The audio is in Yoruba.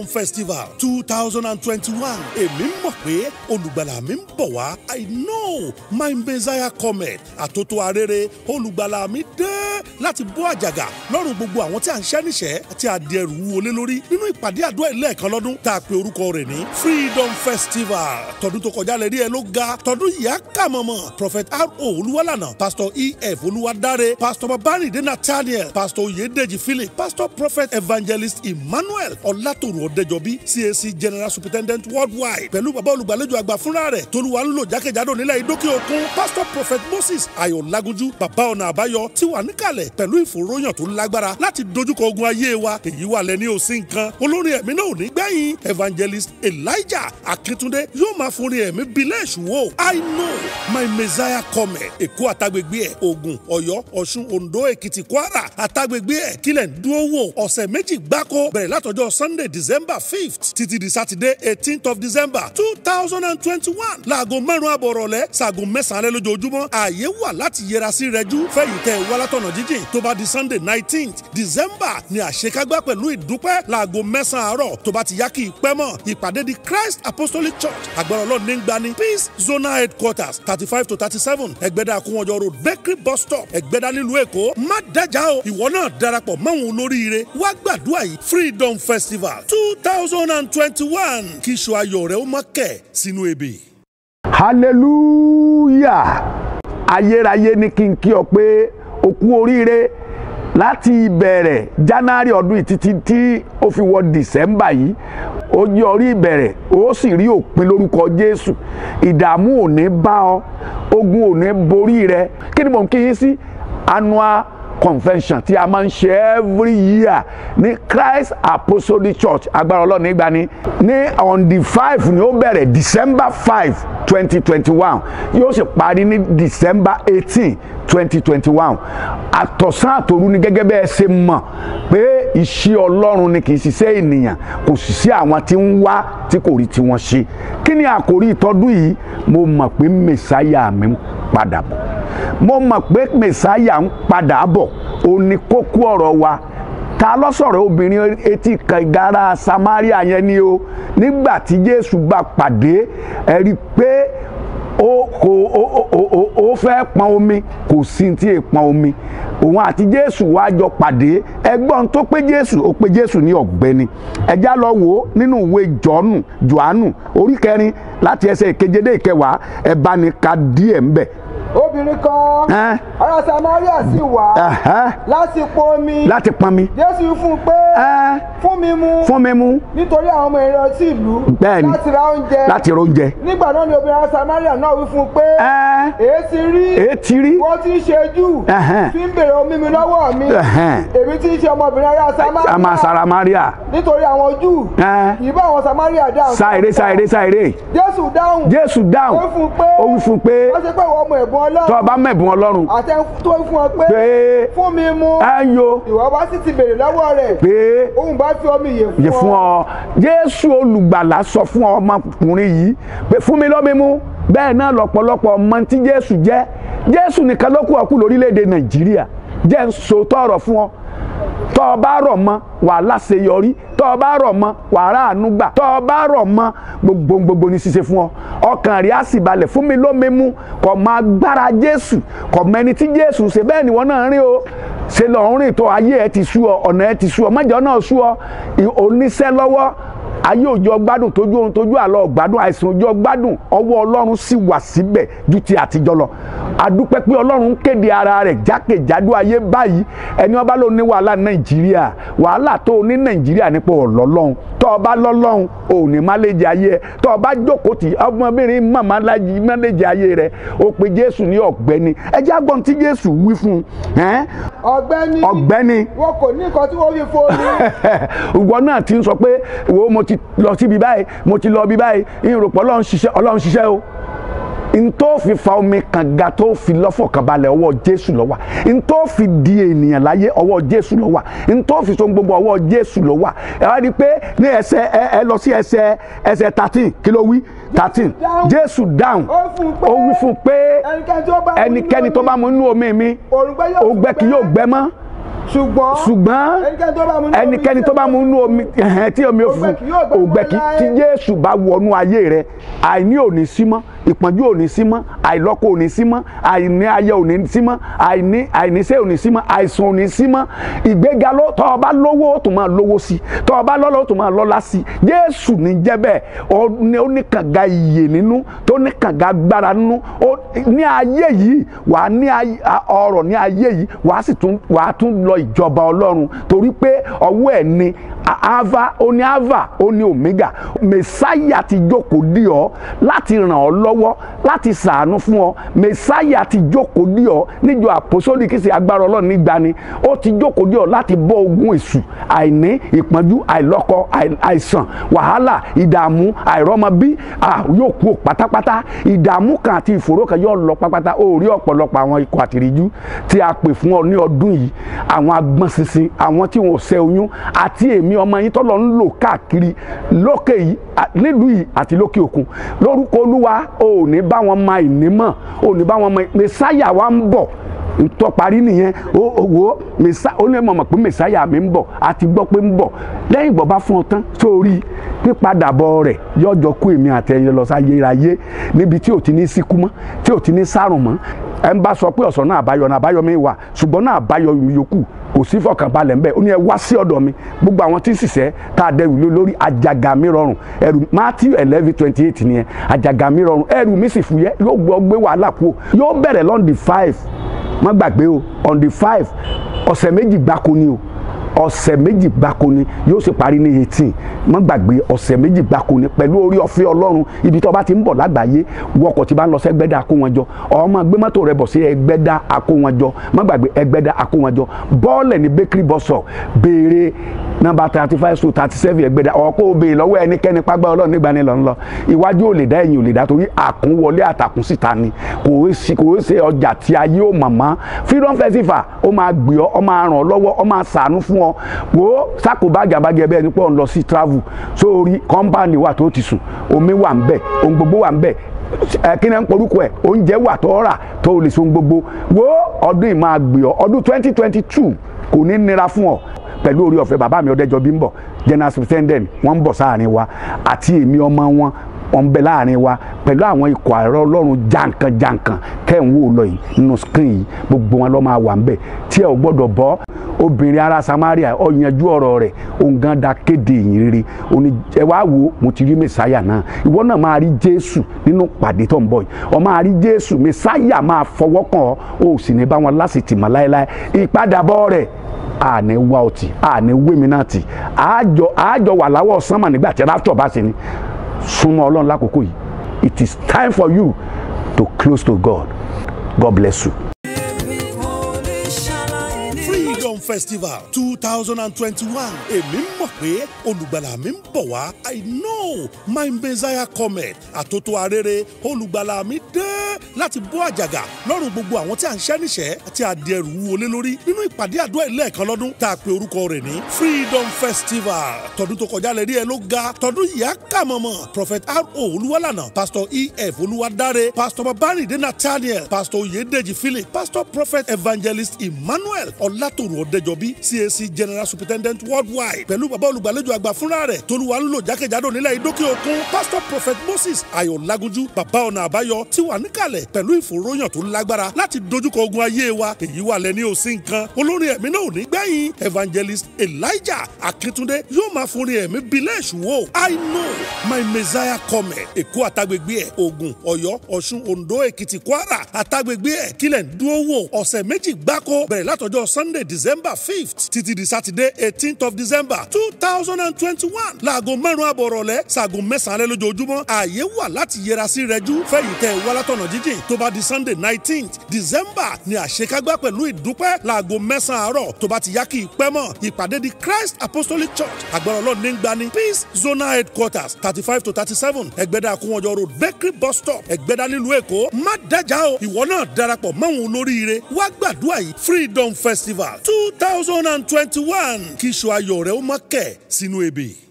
Freedom Festival two thousand and twenty-one èmi ń mọ̀ pé olùgbàlà mi ń bọ̀ wá I know my messiah comet àtótó arére olùgbàlà mi dé láti bó àjàgà lọ́rùn gbogbo àwọn tí à ń ṣẹ́ níṣẹ́ àti àdìẹrù wúwo lé lórí nínú ìpàdé àdúrà ẹlẹ́ẹ̀kan lọ́dún tá a pe orúkọ rẹ̀ ní Freedom Festival tọdún tó kọjá lẹ́rí ẹ ló ga tọdún yìí á Prophet R.O. Olúwalànà Pastor E.F. Olúwadáre Pastor Babarinde Nathaniel Pastor Oyedeji Philip Pastor Prophet Evangelist Emmanuel Ọlátòrò Ọ̀dẹ́jọbí CAC General Superintendent worldwide pẹ̀lú bàbá olùgbàlejò àgbà fúnra rẹ̀ tolúwa ń lò jákèjádò nílẹ̀ ìdókè òkun Pastor Prophet Moses Ayọ̀lágúnjú bàbá ọ̀nà àbáyọ ti wà níkàlẹ̀ pẹ̀lú ìfòròyàn tó lágbára láti dojúkọ ogun ayé wa èyí wà lẹ́ni òsín nǹkan olórin ẹ̀mí náà ò ní gbẹ̀yìn Evangelist Elijah Akíntúndé yóò máa forin ẹ̀mí bilẹ̀ ìṣòwò I know my Messiah come Èkó àtàgbègbè ẹ̀ ogun Ọ̀yọ́ Ọ̀ṣun ondo Èkìtì Kwara àtàgbègbè ẹ̀ kílẹ̀ ń dúró wò ọ̀sẹ̀ méjì gbáko bẹ̀rẹ̀ látọjọ́ Sunday December december fifth títí di saturday eighteenth of december two thousand and twenty-one láago márùn-ún àbọ̀ rọ̀lẹ́ ṣaago mẹ́sàn-án alẹ́ lójoojúmọ́ ààyè wà láti yẹra sí rẹjú fẹ̀yìntẹ́ wálátọ̀nà jíjìn tó bá di sunday nineteenth december ni àṣekágbá pẹ̀lú ìdúpẹ́ láago mẹ́sàn-án àárọ̀ tó bá ti yá kí ìpẹ́ mọ́ ìpàdé di christ apostolic church agbára ọlọ́run ní gbani peace zonal headquarters thirty five to thirty seven ẹgbẹ́dá akúnwọ́jọ road bakery bus stop ẹgbẹ́dá nílùú èkó má dájà o ìwọ náà darapọ̀ mọ́wọn olóríire wá freedom festival 2021 kí iṣu ayọ̀ rẹ̀ ó má kẹ̀ sínú ebè. hallelujah ayérayé ni kí n kí ọ pé o oríire láti ìbẹ̀rẹ̀ january ọdún ìtítí tí ó fi wọ december yìí ó jẹ́ orí ìbẹ̀rẹ̀ ó sì rí òpin lórúkọ jésù ìdààmú ò ní bá ọ ogun ò ní borí rẹ kí ni mò ń kí yín sí anua convention tí a máa ń ṣe every year ní Christ Apostolic Church agbára ọlọ́run nígbà ni ní on the five ni ó bẹ̀rẹ̀ December five twenty twenty one yóò sì parí ní December eighteen twenty twenty one àtọ̀sán àtòru ni gẹ́gẹ́ bẹ́ẹ̀ ṣe mọ̀ pé iṣẹ́ ọlọ́run ni kì í ṣiṣẹ́ ènìyàn kò sì sí àwọn tí ń wá tí kò rí tiwọn ṣe kí ni àkòrí ìtọ́dún yìí mo mọ̀ pé mẹ̀sáyà mi padà bọ̀ mo mọ̀ pé mẹ̀sáyà ń padà bọ̀ òun ni kókó ọ̀rọ̀ wa ta lọ́sọ̀rọ̀ obìnrin etí kàngára Samaria yẹn ni o nígbà tí Jésù bá pàdé ẹ̀rí pé ó kò ó fẹ́ pọn omi kò sí ti è pọn omi òun àti jésù wá jọ pàdé ẹgbọ́n tó pé jésù ó pé jésù ní ọ̀gbẹ́ni ẹjá lọ wò ó nínú ìwé jọ́nù jọ́ánù orí kẹrin láti ẹsẹ̀ ìkeje dé ìkẹwàá ẹ bá ní ka díẹ̀ ńbẹ̀ obìnrin kan ará Samaria sì wá láti pọn omi láti pọn mi Jésù fún un pé fún mi mu fún mi mu nítorí àwọn ọmọ ìran sí ìlú láti ra oúnjẹ láti ra oúnjẹ nígbà náà ni obìnrin ará Samaria náà wí fún un pé èéti rí èéti rí wọ́n ti ń ṣe jù fi ń bèrè omi mi lọ́wọ́ mi èmi ti ń ṣe ọmọbìnrin ará Samaria nítorí àwọn Júù ìbá àwọn Samaria dáhùn. sáyéré sáyéré sáyéré Jésù dáhùn Jésù dáhùn ó wí fún un pé ó wí fún un pé ó ṣe pé ìwọ ọmọ ẹ̀bùn tó o bá mẹ̀bùn ọlọ́run. àtẹ tó fún ọ pé fún mi mú ìwọ bá sì ti béèrè lọ́wọ́ rẹ̀ pé òun bá fi omi yè fún ọ. jésù olùgbàlà sọ fún ọmọkùnrin yìí pé fún mi lómi mu bẹ́ẹ̀ náà lọ́pọ̀lọpọ̀ ọmọ tí jésù jẹ́ jésù nìkan ló kú ọkú lórílẹ̀‐èdè nàìjíríà jẹ́ sòótọ́ ọ̀rọ̀ fún ọ tọ́ ọ bá rọ̀ mọ́ wàá láṣeyọrí tọ́ ọ bá rọ̀ mọ́ wàá ráàánú gbà tọ́ ọ bá rọ̀ mọ́ gbogbo gbogbo ní ṣíṣe fún ọ ọkàn rí á sì balẹ̀ fún mi lómi mú kò mọ agbára jésù kò mọ ẹni tí jésù ṣe bẹ́ẹ̀ ni wọ́n náà rí o ṣe lọ́ọ́ rìn tó ayé ẹ ti sú ọ ọ̀nà ẹ ti sú ọ mọ́jọ́ náà sú ọ oníṣẹ́ lọ́wọ́ ayé òjò gbádùn tójú oorun tójú àlọ́ gbádùn àìsàn òjò gbádùn ọwọ́ ọlọ́run sì wà síbẹ̀ ju ti àtijọ́ lọ adúpẹ́ pé ọlọ́run ń kéde ara rẹ̀ jákèjádò ayé báyìí ẹni ọba ló ní wàhálà nàìjíríà wàhálà tó ní nàìjíríà nípa ọ̀lọ́lọ́run tó ọba lọ́lọ́run ò ní máléjì ayé ẹ tó ọba jókòó tì ọmọbìnrin màmá lájì máléjì ayé rẹ ó pe jésù ní ọ̀gbẹ́ni ẹ jẹ́ agbọ́n tí jésù wí fún un. ọ̀gbẹ́ni ọ̀gbẹ́ni wọn kò ní nǹkan tí wọ́n fi fún mi. ìwọ náà ti ń sọ pé wo mo t ti lọ síbi báyìí mo ti lọ bí báyìí ìròpọ̀ ọlọ́run ṣiṣẹ́ ọlọ́run ṣiṣẹ́ o n tó fi fa omi kànga tó fi lọ́fọ̀kànbalẹ̀ ọwọ́ jésù ló wà n tó fi di ènìyàn láyé ọwọ́ jésù ló wà n tó fi so gbogbo ọwọ́ jésù ló wà ẹ wá rí i pé ní ẹsẹ̀ ẹ ẹ lọ sí ẹsẹ̀ ẹsẹ̀ thirteen kí wí thirteen jésù dáhùn ó wí fún pé ẹnikẹ́ni tó bá mu inú omi mi òǹgbẹ kì yóò gbẹ mọ́ ṣùgbọ́n ṣùgbọ́n ẹnikẹ́ni tó bá mu nú omi tí omi òfin ògbẹ́kì tí Jésù bá wọnú ayé rẹ àìní òní símọ́ ìpọ́njú ò ní sí mọ́ àìlọ́kọ ò ní sí mọ́ àìní ayé ò ní sí mọ́ àìní àìníṣẹ́ ò ní sí mọ́ àìsàn ò ní sí mọ́ ìgbéga ló tọ́ ọ bá lówó ó tún máa lówó sí tọ́ ọ bá lọ́lá ó tún máa lọ́lá sí Jésù ní jẹ́ bẹ́ẹ̀ ó ní kànga iyè nínú tó ní kànga gbára nínú ní ayé yìí wàá ní ọrọ̀ ní ayé yìí wàá sì tún wàá tún lọ ìjọba Ọlọ́run torí pé ọwọ́ ẹ̀ ni Ava, ó ní Ava, ó ní omega mẹsáyà ti jókòó dì ọ́ láti ràn ọ́ lọ́wọ́ láti ṣàánú fún ọ mẹsáyà ti jókòó dì ọ́ níjọ àpòsódì kìí ṣe agbára ọlọ́run nígbani ó ti jókòó dì ọ́ láti bọ́ ogun èṣù àìní ìpọ́njú àìlọ́kọ àìsàn wàhálà ìdààmú àìrọ́mọbí yóò kú pátápátá ìdààmú kan àti ìfòró kan yóò lọ pátápátá ó rí ọ̀pọ̀lọpọ̀ àwọn ikọ̀ àtìríjú tí a pè fún ọ ní ọdún yìí àwọn agbọ̀n ṣinṣin àwọn tí wọn ò ṣẹ́ oyún àti èmi ọmọ yín tọ́lọ̀ ń lò káàkiri lókè yìí nílùú yìí àti lókè òkun lórúkọ olúwa ò ní bá wọn ma ìnímọ̀ ò ní bá wọn ma mẹsáyà wa ń bọ̀ ntọ́ parí nìyẹn ó wò ó mẹsà ó lè mọ̀mọ̀ pé mẹsáyà mi ń bọ̀ àti gbọ́ pé ń bọ̀ lẹ́yìn ìgbọ́ bá fún ọ tán sórí pípadàbọ̀ rẹ̀ yọjọ kú èmi àtẹ̀yẹ lọ sáyé ra yé níbi tí ò ti ní síkú mọ́ tí ò ti ní sárùn mọ́ ẹ ń bá sọ pé ọ̀sán náà àbáyọ náà àbáyọ mi wà ṣùgbọ́n náà àbáyọ mi yòókù kò sí fọkànbalẹ̀ ńbẹ ó ní ẹ wá sí ọ̀dọ̀ mi gbogbo àwọn tí ń ṣiṣẹ́ tá a dẹrù lórí àjàgà mi rọrùn ẹrù Matthew eleven twenty eight nìyẹn àjàgà mi rọrùn ẹrù mi sì fúyẹ́ yóò gbọ́ gbé wàhálà kú o yóò bẹ̀rẹ̀ lọ́ndì five má gbàgbé o on five ọ̀sẹ̀ méjì gbáko ni o ọ̀sẹ̀ méjì gbáko ni yóò sì parí ní eighteen mọ́ gbàgbé ọ̀sẹ̀ méjì gbáko ni pẹ̀lú orí ọ̀fẹ́ ọlọ́run ibi tó bá ti ń bọ̀ lágbàáyé wọkọ̀ tí bá ń lọ sí ẹgbẹ́dá akó wọn jọ ọmọ gbé mọ́tò rẹ bọ̀ sí ẹgbẹ́dá akó mọ́ gbàgbé ẹgbẹ́dá akó bọ́ọ̀lẹ̀ ní bakery bọ́sọ̀ béèrè nọ́mbà thirty five to thirty seven ẹgbẹ̀dá ọ̀kọ́ obìnrin lọ́wọ́ ẹnikẹ́ni pàgbà ọlọ́run nígbà ni lọ ń lọ iwájú ò lè dá ẹ̀yìn ò lè dá torí àkúnwọlé àtàkùn síta ni kò ó ṣe ọjà tí ayé ò mọ̀mọ́ freedom festival ó máa gbé ọ ó máa ràn ọ lọ́wọ́ ó máa ṣàánú fún ọ wò ó sákòbá àgàbàgẹ bẹ́ẹ̀ ni pé òun lọ sí travel sórí company wà tó ti sùn omi wà ń bẹ̀ ohun gbogbo wà ń bẹ̀ kíni ń porúkọ ẹ oúnjẹ wà tó rà tó lè so gbogbo wo ọdún yìí máa gbé ọ ọdún twenty twenty two kò ní nira fún ọ pẹ̀lú orí ọ̀fẹ́ bàbá mi ọ̀dẹ́jọ́bí ń bọ̀ general superintendent wọ́n ń bọ̀ sáàrin wa àti èmi ọmọ wọn wọ́n ń bẹ láàrin wa pẹ̀lú àwọn ikọ̀ àrọ ọlọ́run jàǹkàn jàǹkàn wò gbogbo wọn lọ́ máa wà ń bẹ̀ tí ẹ ò gbọ́dọ̀ bọ́ obìnrin ará Samaria ọ yanjú ọ̀rọ̀ rẹ̀ da kéde rere òní ẹ wá wo mo ti rí mẹsáyà náà ìwọ náà àní wá ọtí àní wémi náà tì àjọ àjọ wà láwọ̀ sánmà nígbà tí rapture bá ṣe ni súnmọ́ ọlọ́run lákòókò yìí it is time for you to close to God God bless you. festival 2021. èmi ń mọ̀ pé olùgbàlà mi ń bọ̀ wá i know my messiah comet àtótó arére olùgbàlà mi dé láti bó àjàgà lọ́rùn gbogbo àwọn tí à ń ṣẹ́ níṣẹ́ àti àdẹrù wọlé lórí nínú ìpàdé àdúrà ẹlẹ́ẹ̀kan lọ́dún tá a pe orúkọ rẹ̀ ní freedom festival tọdún tó kọjá lẹ́rí ẹ ló ga tọdún ìyá kàmọ̀mọ̀ prophet ro olúwalànà pastor ef olúwadáre pastor babarinde nathaniel pastor oyedeji philip pastor prophet evangelist emmanuel ọlátòrò ọ̀dẹ́jọbí cac general superintendent worldwide pẹ̀lú bàbá olùgbàlejò àgbà fúnra rẹ̀ tolúwa ń lò jákèjádò nílẹ̀ ìdókè òkun pastor prophet moses ayọ̀ lagunjú bàbá ọ̀nà àbáyọ ti wà níkàlẹ̀ balẹ̀ pẹ̀lú ìfòròyàn tó lágbára láti dojúkọ ogun ayé wa èyí wà lẹ́ni ò nǹkan olórin ẹ̀mí náà ò ní gbẹ̀yìn evangelist elijah akíntúndé yóò máa forin ẹ̀mí bilẹ̀ ìṣòwò i know my messiah come èkó àtàgbègbè ẹ̀ ògùn ọ̀yọ́ ọ̀ṣun oǹdó èkìtì kwara àtàgbègbè ẹ̀ kílẹ̀ ń dúró wò ọ̀sẹ̀ méjì gbáko bẹ̀rẹ̀ látọjọ́ sunday december fifth títí di saturday eighteenth of december two thousand and twenty-one láago márùn-ún àbọ̀rọ̀lẹ́ ṣaago mẹ́sàn-án lójoojúmọ́ ààyè wà láti yẹra sí rẹjú fẹ́yìntẹ́ wálátọ̀nà jíjì friday tó bá di sunday nineteenth december ni àṣekágbá pẹ̀lú ìdúpẹ́ láago mẹ́sàn-án àárọ̀ tó bá ti yá kí i pẹ́ mọ́ ìpàdé di christ apostolic church agbára ọlọ́run ní gbani peace zonal headquarters thirty five to thirty seven ẹgbẹ́dá àkúnwọ́jọ road bakery bus stop ẹgbẹ́dá nílùú èkó má dájà o ìwọ náà darapọ̀ mọ́wọn olóríire wá gbàdúrà yìí freedom festival two thousand and twenty-one kí iṣu ayọ̀ rẹ̀ ó má kẹ̀ sínú ebè.